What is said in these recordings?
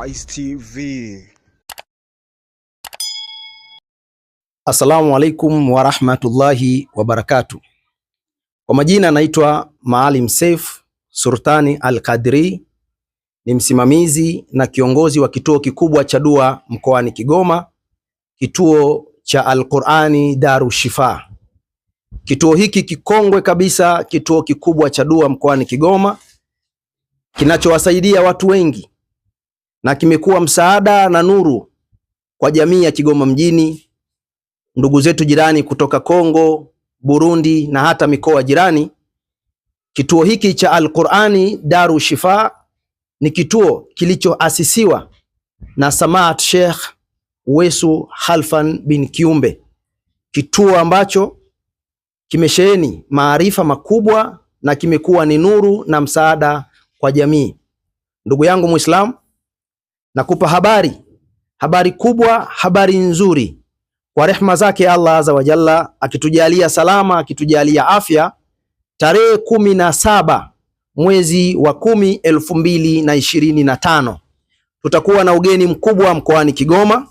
Vice TV. Assalamu alaikum warahmatullahi wabarakatu. Kwa majina naitwa Maalim Seif Sultani Al-Qadri, ni msimamizi na kiongozi wa kituo kikubwa cha dua mkoani Kigoma, kituo cha Al-Qur'ani Daru Shifa. Kituo hiki kikongwe kabisa, kituo kikubwa cha dua mkoani Kigoma kinachowasaidia watu wengi na kimekuwa msaada na nuru kwa jamii ya Kigoma mjini, ndugu zetu jirani kutoka Kongo, Burundi na hata mikoa jirani. Kituo hiki cha Al-Qur'ani Daru Shifa ni kituo kilichoasisiwa na Samaat Sheikh wesu Halfan bin Kiumbe, kituo ambacho kimesheheni maarifa makubwa na kimekuwa ni nuru na msaada kwa jamii. Ndugu yangu Muislamu, Nakupa habari, habari kubwa, habari nzuri. Kwa rehma zake Allah azza wa jalla, akitujalia salama, akitujalia afya, tarehe kumi na saba mwezi wa kumi elfu mbili na ishirini na tano tutakuwa na ugeni mkubwa mkoani Kigoma,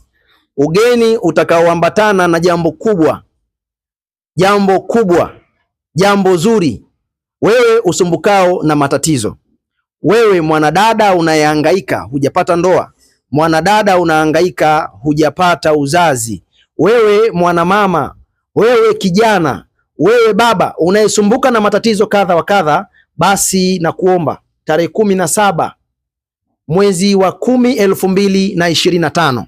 ugeni utakaoambatana na jambo kubwa, jambo kubwa, jambo zuri, wewe usumbukao na matatizo wewe mwanadada unayehangaika hujapata ndoa, mwanadada unahangaika hujapata uzazi, wewe mwanamama, wewe kijana, wewe baba unayesumbuka na matatizo kadha wa kadha, basi na kuomba tarehe kumi na saba mwezi wa kumi elfu mbili na ishirini na tano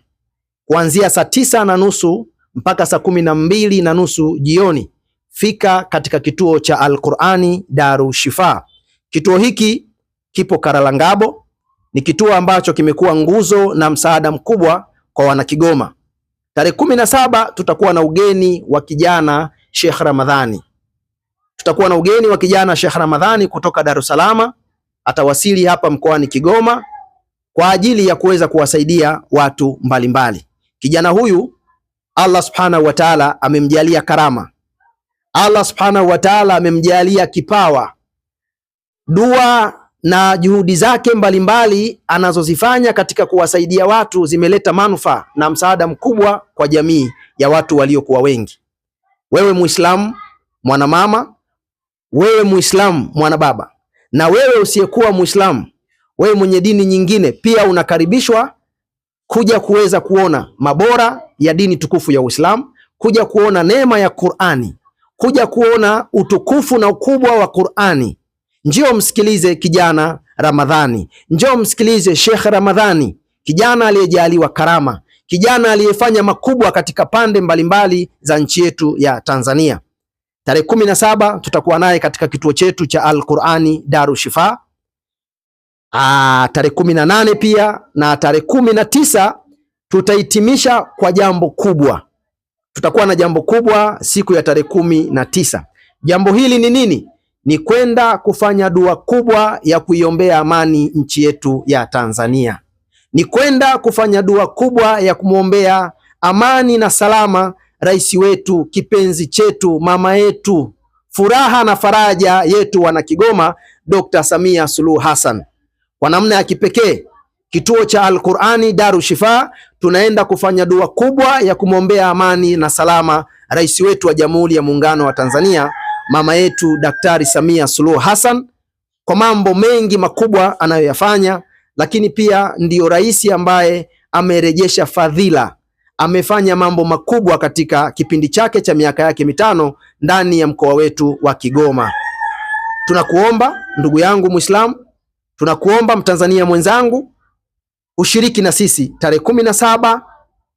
kuanzia saa tisa na nusu mpaka saa kumi na mbili na nusu jioni, fika katika kituo cha Alqurani Darushifa. Kituo hiki kipo Karalangabo. Ni kituo ambacho kimekuwa nguzo na msaada mkubwa kwa wanakigoma. Tarehe kumi na saba tutakuwa na ugeni wa kijana Sheikh Ramadhani, tutakuwa na ugeni wa kijana Sheikh Ramadhani kutoka Dar es Salaam. Atawasili hapa mkoani Kigoma kwa ajili ya kuweza kuwasaidia watu mbalimbali mbali. Kijana huyu Allah subhanahu wa taala amemjalia karama, Allah subhanahu wa taala amemjalia kipawa, dua na juhudi zake mbalimbali anazozifanya katika kuwasaidia watu zimeleta manufaa na msaada mkubwa kwa jamii ya watu waliokuwa wengi. Wewe Muislamu mwanamama, wewe Muislamu mwanababa, na wewe usiyekuwa Muislamu, wewe mwenye dini nyingine, pia unakaribishwa kuja kuweza kuona mabora ya dini tukufu ya Uislamu, kuja kuona neema ya Qur'ani, kuja kuona utukufu na ukubwa wa Qur'ani Njoo msikilize kijana Ramadhani, njoo msikilize Sheikh Ramadhani, kijana aliyejaliwa karama, kijana aliyefanya makubwa katika pande mbalimbali mbali za nchi yetu ya Tanzania. Tarehe kumi na saba tutakuwa naye katika kituo chetu cha Al-Qur'ani Daru Shifa. Ah, tarehe kumi na nane pia na tarehe kumi na tisa tutahitimisha kwa jambo kubwa. Tutakuwa na jambo kubwa siku ya tarehe kumi na tisa. Jambo hili ni nini? ni kwenda kufanya dua kubwa ya kuiombea amani nchi yetu ya Tanzania, ni kwenda kufanya dua kubwa ya kumwombea amani na salama rais wetu, kipenzi chetu, mama yetu, furaha na faraja yetu, wana Kigoma, Dr. Samia Suluhu Hassan. Kwa namna ya kipekee kituo cha Al-Qur'ani Daru Shifa tunaenda kufanya dua kubwa ya kumwombea amani na salama rais wetu wa Jamhuri ya Muungano wa Tanzania mama yetu Daktari Samia Suluhu Hassan kwa mambo mengi makubwa anayoyafanya, lakini pia ndiyo rais ambaye amerejesha fadhila, amefanya mambo makubwa katika kipindi chake cha miaka yake mitano ndani ya mkoa wetu wa Kigoma. Tunakuomba ndugu yangu Muislamu, tunakuomba Mtanzania mwenzangu ushiriki na sisi tarehe kumi na saba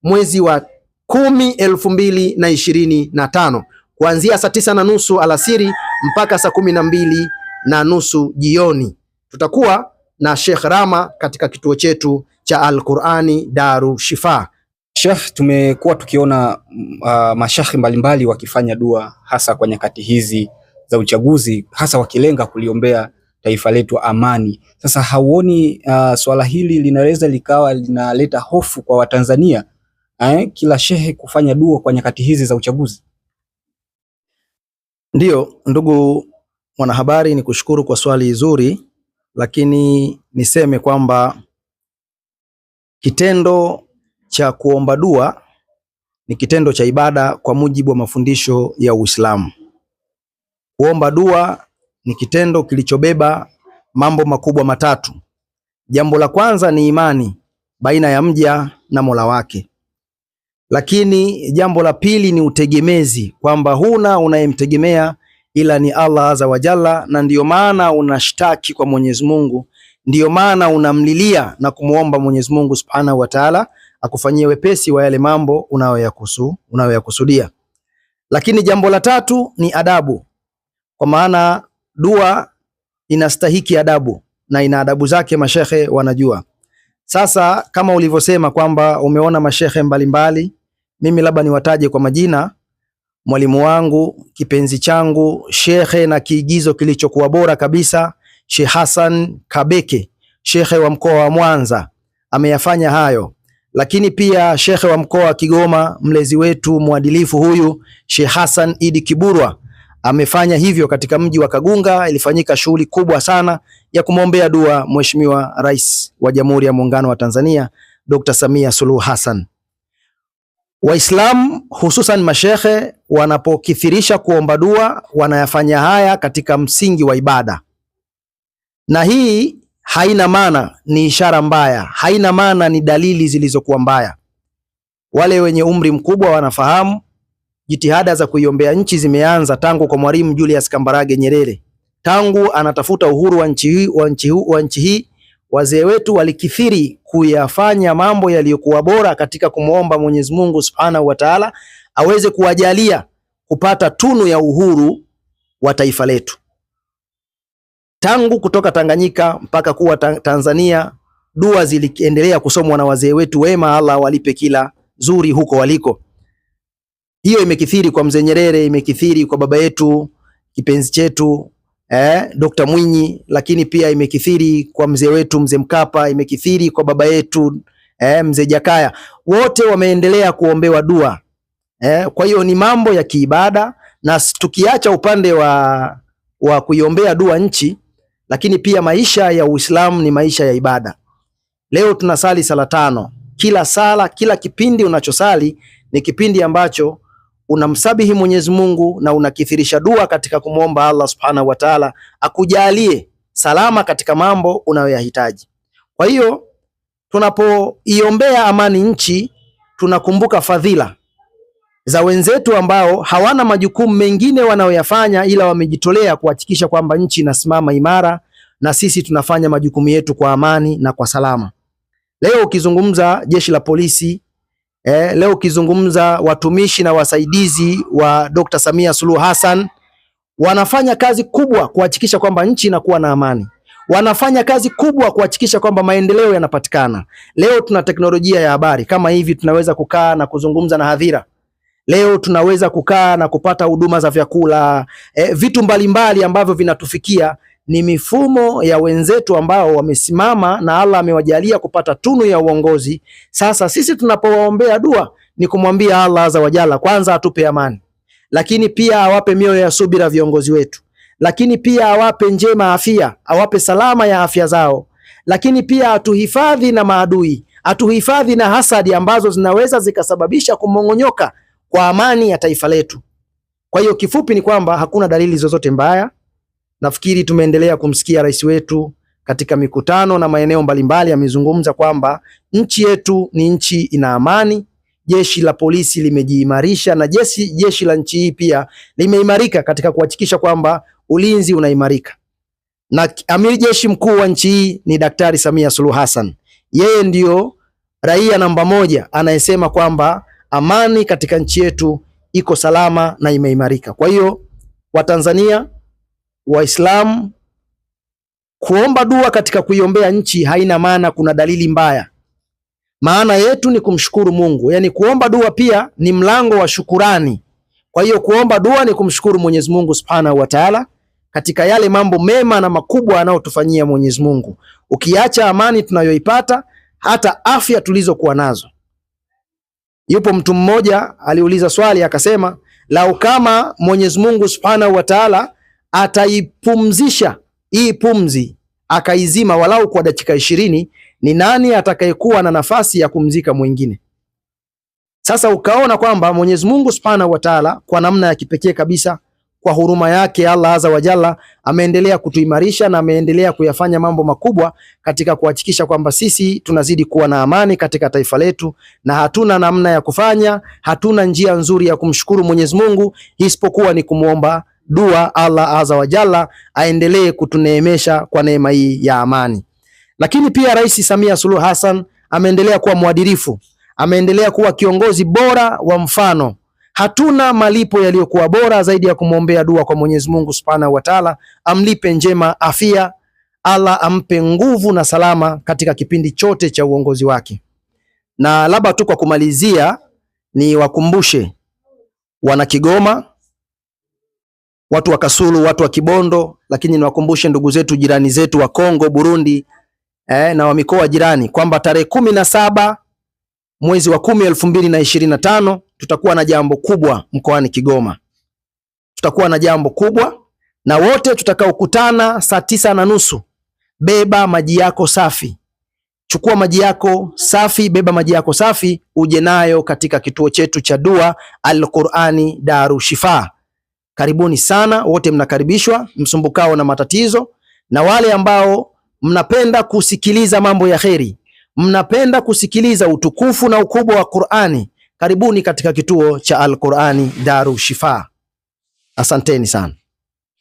mwezi wa kumi elfu mbili na ishirini na tano kuanzia saa tisa na nusu alasiri mpaka saa kumi na mbili na nusu jioni. Tutakuwa na Sheikh Rama katika kituo chetu cha Al-Qur'ani Daru Shifa. Sheikh, tumekuwa tukiona uh, mashahi mbalimbali wakifanya dua hasa kwa nyakati hizi za uchaguzi, hasa wakilenga kuliombea taifa letu amani. Sasa hauoni uh, swala hili linaweza likawa linaleta hofu kwa Watanzania eh, kila shehe kufanya dua kwa nyakati hizi za uchaguzi? Ndiyo, ndugu mwanahabari, ni kushukuru kwa swali zuri, lakini niseme kwamba kitendo cha kuomba dua ni kitendo cha ibada kwa mujibu wa mafundisho ya Uislamu. Kuomba dua ni kitendo kilichobeba mambo makubwa matatu. Jambo la kwanza ni imani baina ya mja na Mola wake. Lakini jambo la pili ni utegemezi, kwamba huna unayemtegemea ila ni Allah azza wa jalla, na ndiyo maana unashtaki kwa Mwenyezi Mungu, ndiyo maana unamlilia na kumwomba Mwenyezi Mungu subhanahu wa taala akufanyie wepesi wa yale mambo unayoyakusu unayoyakusudia. Lakini jambo la tatu ni adabu, kwa maana dua inastahiki adabu na ina adabu zake, mashehe wanajua. Sasa kama ulivyosema kwamba umeona mashehe mbalimbali mimi labda niwataje kwa majina: mwalimu wangu, kipenzi changu, shekhe na kiigizo kilichokuwa bora kabisa, Sheikh Hassan Kabeke, shekhe wa mkoa wa Mwanza, ameyafanya hayo lakini pia shekhe wa mkoa wa Kigoma, mlezi wetu mwadilifu huyu Sheikh Hassan Idi Kiburwa amefanya hivyo. Katika mji wa Kagunga ilifanyika shughuli kubwa sana ya kumwombea dua Mheshimiwa Rais wa Jamhuri ya Muungano wa Tanzania Dr. Samia Suluhu Hassan. Waislamu hususan mashehe wanapokithirisha kuomba dua wanayafanya haya katika msingi wa ibada, na hii haina maana ni ishara mbaya, haina maana ni dalili zilizokuwa mbaya. Wale wenye umri mkubwa wanafahamu jitihada za kuiombea nchi zimeanza tangu kwa Mwalimu Julius Kambarage Nyerere, tangu anatafuta uhuru wa nchi hii wa nchi hii Wazee wetu walikithiri kuyafanya mambo yaliyokuwa bora katika kumwomba Mwenyezi Mungu Subhanahu wa Ta'ala aweze kuwajalia kupata tunu ya uhuru wa taifa letu tangu kutoka Tanganyika mpaka kuwa Tanzania. Dua ziliendelea kusomwa na wazee wetu wema, Allah walipe kila zuri huko waliko. Hiyo imekithiri kwa mzee Nyerere, imekithiri kwa baba yetu kipenzi chetu eh, Dr. Mwinyi, lakini pia imekithiri kwa mzee wetu mzee Mkapa, imekithiri kwa baba yetu eh, mzee Jakaya, wote wameendelea kuombewa dua eh. Kwa hiyo ni mambo ya kiibada, na tukiacha upande wa, wa kuiombea dua nchi, lakini pia maisha ya Uislamu ni maisha ya ibada. Leo tunasali sala tano, kila sala, kila kipindi unachosali ni kipindi ambacho unamsabihi Mwenyezi Mungu na unakithirisha dua katika kumwomba Allah Subhanahu wa Ta'ala akujalie salama katika mambo unayoyahitaji. Kwa hiyo tunapoiombea amani nchi, tunakumbuka fadhila za wenzetu ambao hawana majukumu mengine wanayoyafanya ila wamejitolea kuhakikisha kwamba nchi inasimama imara, na sisi tunafanya majukumu yetu kwa amani na kwa salama. Leo ukizungumza jeshi la polisi Eh, leo ukizungumza watumishi na wasaidizi wa Dr. Samia Suluhu Hassan wanafanya kazi kubwa kuhakikisha kwamba nchi inakuwa na amani. Wanafanya kazi kubwa kuhakikisha kwamba maendeleo yanapatikana. Leo tuna teknolojia ya habari kama hivi, tunaweza kukaa na kuzungumza na hadhira. Leo tunaweza kukaa na kupata huduma za vyakula, eh, vitu mbalimbali ambavyo vinatufikia ni mifumo ya wenzetu ambao wamesimama na Allah amewajalia kupata tunu ya uongozi. Sasa sisi tunapowaombea dua ni kumwambia Allah azza wajalla, kwanza atupe amani, lakini pia awape mioyo ya subira viongozi wetu, lakini pia awape njema afya, awape salama ya afya zao, lakini pia atuhifadhi na maadui, atuhifadhi na hasadi ambazo zinaweza zikasababisha kumong'onyoka kwa amani ya taifa letu. Kwa hiyo kifupi ni kwamba hakuna dalili zozote mbaya Nafikiri tumeendelea kumsikia rais wetu katika mikutano na maeneo mbalimbali, amezungumza kwamba nchi yetu ni nchi ina amani, jeshi la polisi limejiimarisha na jeshi, jeshi la nchi hii pia limeimarika katika kuhakikisha kwamba ulinzi unaimarika, na amiri jeshi mkuu wa nchi hii ni Daktari Samia Suluhu Hassan. Yeye ndiyo raia namba moja anayesema kwamba amani katika nchi yetu iko salama na imeimarika. Kwa hiyo Watanzania Waislamu, kuomba dua katika kuiombea nchi haina maana kuna dalili mbaya. Maana yetu ni kumshukuru Mungu, yaani kuomba dua pia ni mlango wa shukurani. Kwa hiyo kuomba dua ni kumshukuru Mwenyezi Mungu Subhanahu wa Ta'ala katika yale mambo mema na makubwa anayotufanyia Mwenyezi Mungu, ukiacha amani tunayoipata, hata afya tulizokuwa nazo. Yupo mtu mmoja aliuliza swali akasema, lau kama Mwenyezi Mungu Subhanahu wa Ta'ala ataipumzisha hii pumzi akaizima walau kwa dakika ishirini, ni nani atakayekuwa na nafasi ya kumzika mwingine? Sasa ukaona kwamba Mwenyezi Mungu Subhanahu wa Ta'ala, kwa namna ya kipekee kabisa, kwa huruma yake Allah Azza wa Jalla ameendelea kutuimarisha na ameendelea kuyafanya mambo makubwa katika kuhakikisha kwamba sisi tunazidi kuwa na amani katika taifa letu, na hatuna namna ya kufanya, hatuna njia nzuri ya kumshukuru Mwenyezi Mungu isipokuwa ni kumwomba dua Allah azza wa jalla aendelee kutuneemesha kwa neema hii ya amani. Lakini pia Rais Samia Suluhu Hassan ameendelea kuwa mwadilifu, ameendelea kuwa kiongozi bora wa mfano. Hatuna malipo yaliyokuwa bora zaidi ya kumwombea dua kwa Mwenyezi Mungu Subhanahu wa Ta'ala, amlipe njema afia, Allah ampe nguvu na salama katika kipindi chote cha uongozi wake. Na labda tu kwa kumalizia, ni wakumbushe wana Kigoma watu wa Kasulu, watu wa Kibondo, lakini niwakumbushe ndugu zetu jirani zetu wa Kongo, Burundi eh, na wa mikoa jirani kwamba tarehe kumi na saba mwezi wa kumi elfu mbili na ishirini na tano tutakuwa na jambo kubwa mkoani Kigoma. Tutakuwa na jambo kubwa na wote tutakaokutana saa tisa na nusu, beba maji yako safi, chukua maji yako safi, beba maji yako safi uje nayo katika kituo chetu cha dua Al-Qurani Daru Shifaa karibuni sana wote, mnakaribishwa msumbukao na matatizo, na wale ambao mnapenda kusikiliza mambo ya kheri, mnapenda kusikiliza utukufu na ukubwa wa Qur'ani, karibuni katika kituo cha Al-Qur'ani Daru Shifa. Asanteni sana.